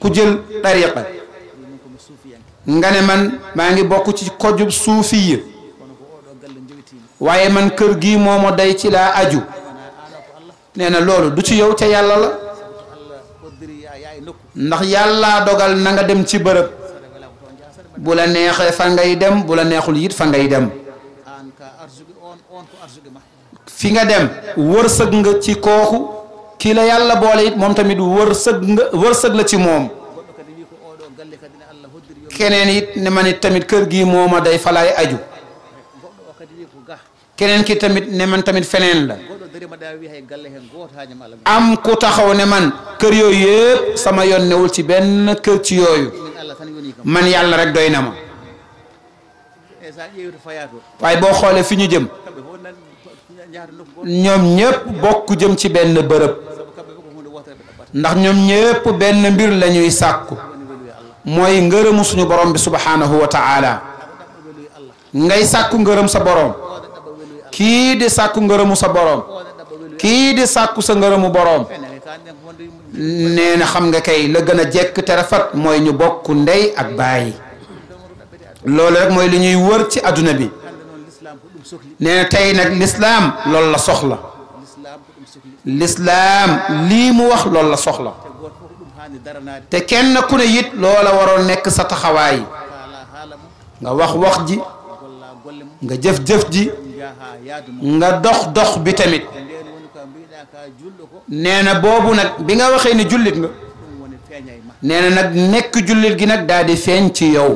ku jël tariqa nga ne man maa ngi bokk ci kojub suufiya waaye man kër gii moomo day ci laa aju nee na loolu du ci yow ca yàlla la ndax yàlla dogal na nga dem ci bërëb bu la neexee fa ngay dem bu la neexul it fa ngay dem fi nga dem wërsëg nga ci kooku Kila la yàlla boole it mom tamit wërsëg nga la ci mom keneen it ne man it tamit kër gi moma day falay aju keneen ki tamit ne man tamit feneen la am ku taxaw ne man kër yoy yeb sama yon neul ci ben kër ci yooyu man yalla rek doy ma way bo xoolee fiñu jëm ñoom ñëpp bokk jëm ci benn bërëb ndax ñoom ñëpp benn mbir la ñuy sàkku mooy ngërëmu suñu borom bi subhaanahu wa ngay sàkku ngërëm sa borom kii di sàkku ngërëmu sa borom kii di sàkku sa ngërëmu borom nee na xam nga kay la gën a jekk te rafet mooy ñu bokk ndey ak baay loolu rek mooy li ñuy wër ci àdduna bi نتي نك الاسلام لول لا سخلا الاسلام لي مو وخ لول لا سخلا تي كين كون ييت لولا وارون نك سا تخواي غا وخ وخ جي غا جف جف جي nga dox dox bi tamit neena bobu nak bi nga waxe ni julit nga neena nak nek julit gi nak dadi feñ ci yow